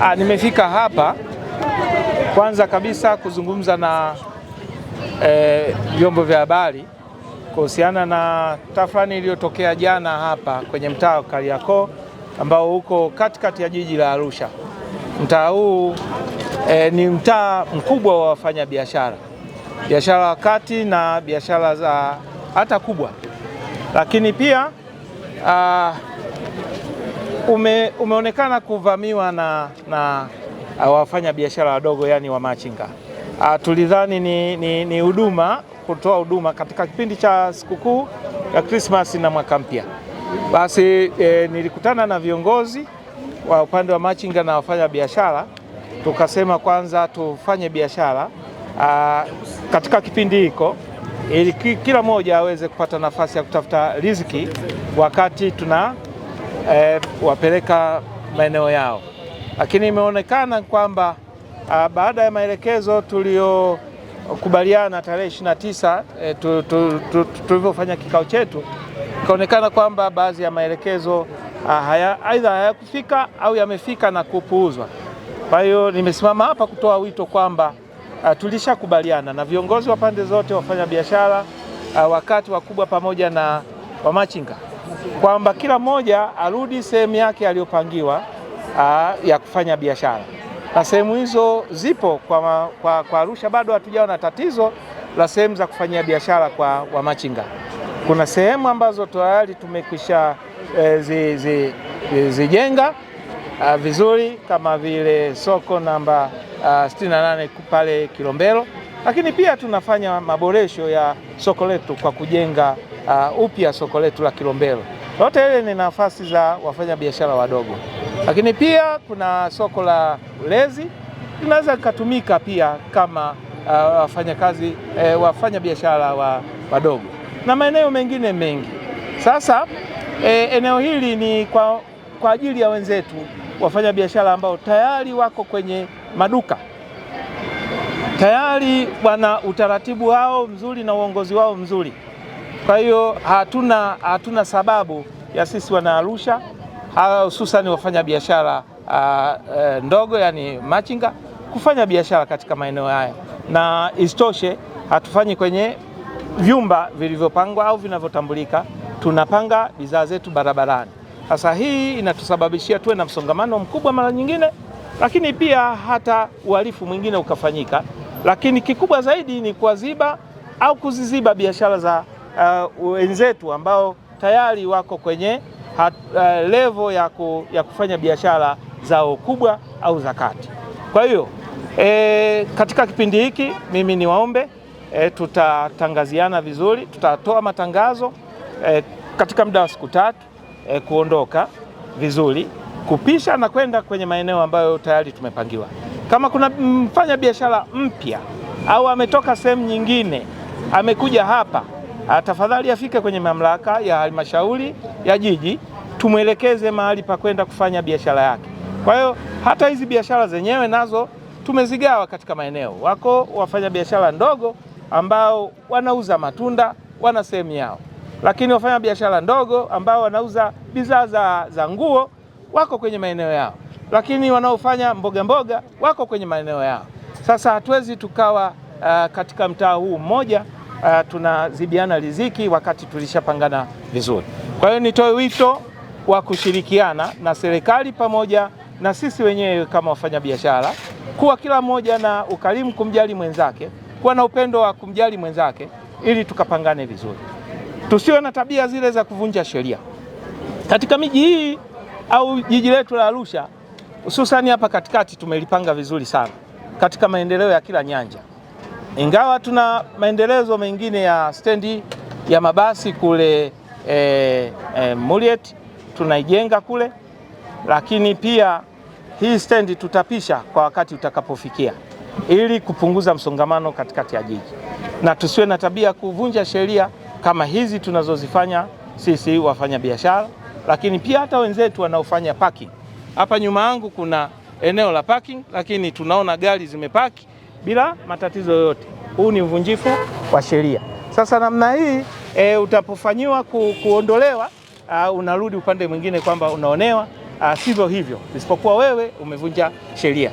Ah, nimefika hapa kwanza kabisa kuzungumza na eh, vyombo eh, vya habari kuhusiana na tafrani iliyotokea jana hapa kwenye mtaa wa Kariakoo ambao uko katikati ya jiji la Arusha. Mtaa huu eh, ni mtaa mkubwa wa wafanyabiashara, biashara biashara kati na biashara za hata kubwa, lakini pia ah, ume, umeonekana kuvamiwa na, na wafanya biashara wadogo yani Uh, Tulidhani ni huduma ni, ni kutoa huduma katika kipindi cha sikukuu ya Christmas na mwaka mpya. Basi e, nilikutana na viongozi wa upande wa machinga na wafanya biashara, tukasema kwanza tufanye biashara ah, katika kipindi hiko ili kila mmoja aweze kupata nafasi ya kutafuta riziki wakati tuna e, wapeleka maeneo yao, lakini imeonekana kwamba baada ya maelekezo tuliyokubaliana tarehe ishirini na tisa e, tulivyofanya kikao chetu ikaonekana kwamba baadhi ya maelekezo haya aidha hayakufika au yamefika na kupuuzwa. Kwa hiyo nimesimama hapa kutoa wito kwamba tulishakubaliana na viongozi wa pande zote, wafanya biashara, wakati wakubwa pamoja na wamachinga kwamba kila mmoja arudi sehemu yake aliyopangiwa ah, ya kufanya biashara, na sehemu hizo zipo kwa, kwa, kwa Arusha bado hatujawa na tatizo la sehemu za kufanyia biashara kwa wamachinga. Kuna sehemu ambazo tayari tumekwisha e, eh, zi, zi, zi, zijenga ah, vizuri kama vile soko namba 68 ah, pale Kilombero, lakini pia tunafanya maboresho ya soko letu kwa kujenga uh, upya soko letu la Kilombero. Yote ile ni nafasi za wafanyabiashara wadogo, lakini pia kuna soko la Ulezi linaweza likatumika pia kama uh, wafanyakazi eh, biashara wa, wadogo na maeneo mengine mengi. Sasa eh, eneo hili ni kwa, kwa ajili ya wenzetu wafanya biashara ambao tayari wako kwenye maduka tayari wana utaratibu wao mzuri na uongozi wao mzuri. Kwa hiyo hatuna, hatuna sababu ya sisi wana Arusha hususani wafanya biashara uh, e, ndogo yani machinga kufanya biashara katika maeneo haya, na isitoshe hatufanyi kwenye vyumba vilivyopangwa au vinavyotambulika, tunapanga bidhaa zetu barabarani. Sasa hii inatusababishia tuwe na msongamano mkubwa mara nyingine, lakini pia hata uhalifu mwingine ukafanyika, lakini kikubwa zaidi ni kuwaziba au kuziziba biashara za uh, wenzetu ambao tayari wako kwenye hat, uh, levo ya, ku, ya kufanya biashara zao kubwa au za kati. Kwa hiyo e, katika kipindi hiki mimi niwaombe e, eh, tutatangaziana vizuri, tutatoa matangazo e, katika muda wa siku tatu e, kuondoka vizuri kupisha na kwenda kwenye maeneo ambayo tayari tumepangiwa. Kama kuna mfanya biashara mpya au ametoka sehemu nyingine amekuja hapa Ah, tafadhali afike kwenye mamlaka ya halmashauri ya jiji, tumwelekeze mahali pa kwenda kufanya biashara yake. Kwa hiyo hata hizi biashara zenyewe nazo tumezigawa katika maeneo. Wako wafanya biashara ndogo ambao wanauza matunda, wana sehemu yao, lakini wafanya biashara ndogo ambao wanauza bidhaa za, za nguo wako kwenye maeneo yao, lakini wanaofanya mboga mboga wako kwenye maeneo yao. Sasa hatuwezi tukawa uh, katika mtaa huu mmoja uh, eh, tunazibiana riziki wakati tulishapangana vizuri. Kwa hiyo nitoe wito wa kushirikiana na serikali pamoja na sisi wenyewe kama wafanyabiashara, kuwa kila mmoja na ukarimu, kumjali mwenzake, kuwa na upendo wa kumjali mwenzake ili tukapangane vizuri, tusiwe na tabia zile za kuvunja sheria katika miji hii au jiji letu la Arusha hususani hapa katikati tumelipanga vizuri sana katika maendeleo ya kila nyanja ingawa tuna maendelezo mengine ya stendi ya mabasi kule e, eh, e, eh, Muliet tunaijenga kule, lakini pia hii stendi tutapisha kwa wakati utakapofikia ili kupunguza msongamano katikati ya jiji na tusiwe na tabia kuvunja sheria kama hizi tunazozifanya sisi wafanya biashara, lakini pia hata wenzetu wanaofanya parking. Hapa nyuma yangu kuna eneo la parking, lakini tunaona gari zimepaki bila matatizo yoyote. Huu ni uvunjifu wa sheria. Sasa namna hii e, utapofanyiwa ku, kuondolewa a, unarudi upande mwingine kwamba unaonewa sivyo hivyo, isipokuwa wewe umevunja sheria.